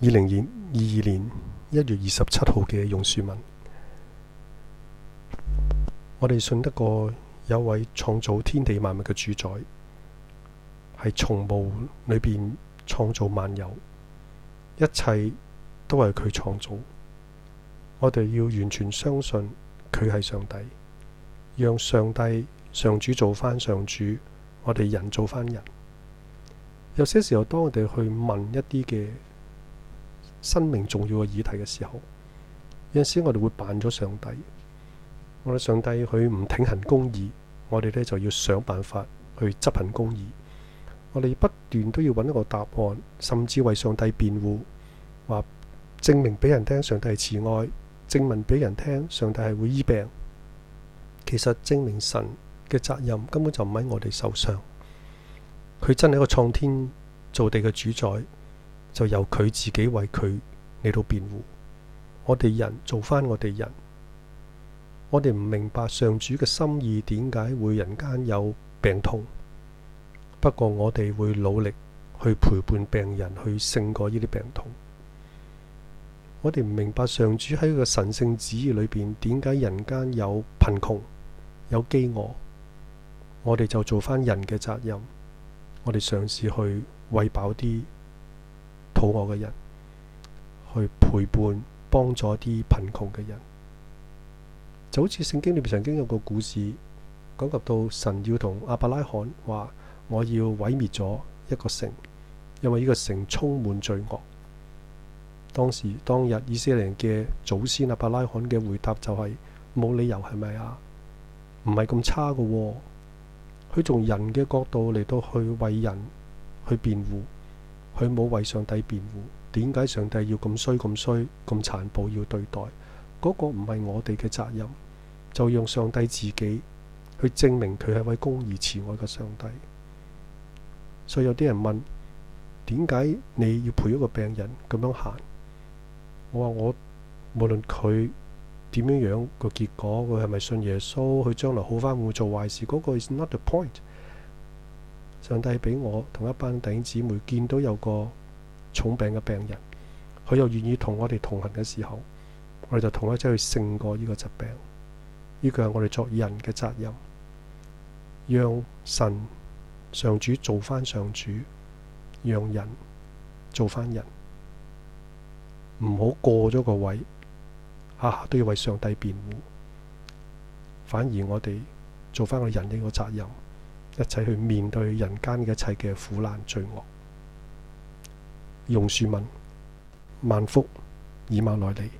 二零二二年一月二十七號嘅用樹文，我哋信得過有位創造天地萬物嘅主宰，係從無裏邊創造萬有，一切都係佢創造。我哋要完全相信佢係上帝，讓上帝，上主做翻上主，我哋人做翻人。有些時候，當我哋去問一啲嘅。生命重要嘅議題嘅時候，有陣時我哋會扮咗上帝。我哋上帝佢唔挺行公義，我哋呢就要想辦法去執行公義。我哋不斷都要揾一個答案，甚至為上帝辯護，話證明俾人聽上帝係慈愛，證明俾人聽上帝係會醫病。其實證明神嘅責任根本就唔喺我哋手上。佢真係一個創天造地嘅主宰。就由佢自己為佢嚟到辯護。我哋人做翻我哋人，我哋唔明白上主嘅心意，點解會人間有病痛？不過我哋會努力去陪伴病人，去勝過呢啲病痛。我哋唔明白上主喺個神聖旨意裏邊，點解人間有貧窮、有饑餓？我哋就做翻人嘅責任，我哋嘗試去餵飽啲肚餓嘅人去陪伴、幫助啲貧窮嘅人，就好似聖經裏邊曾經有個故事，講及到神要同亞伯拉罕話：我要毀滅咗一個城，因為呢個城充滿罪惡。當時當日以色列人嘅祖先亞伯拉罕嘅回答就係冇理由，係咪啊？唔係咁差噶哦，佢從人嘅角度嚟到去為人去辯護。佢冇為上帝辯護，點解上帝要咁衰咁衰咁殘暴要對待？嗰、那個唔係我哋嘅責任，就讓上帝自己去證明佢係位公義慈愛嘅上帝。所以有啲人問：點解你要陪一個病人咁樣行？我話我無論佢點樣樣個結果，佢係咪信耶穌，佢將來好返會做壞事，嗰、那個 is not the point。上帝畀我同一班弟兄姊妹見到有個重病嘅病人，佢又願意同我哋同行嘅時候，我哋就同佢一齊去勝過呢個疾病。呢、這個係我哋作人嘅責任，讓神上主做翻上主，讓人做翻人，唔好過咗個位，下、啊、下都要為上帝辯護。反而我哋做翻我哋人應嘅責任。一齊去面對人間一切嘅苦難罪惡。榕樹敏、萬福以馬來、以馬內利。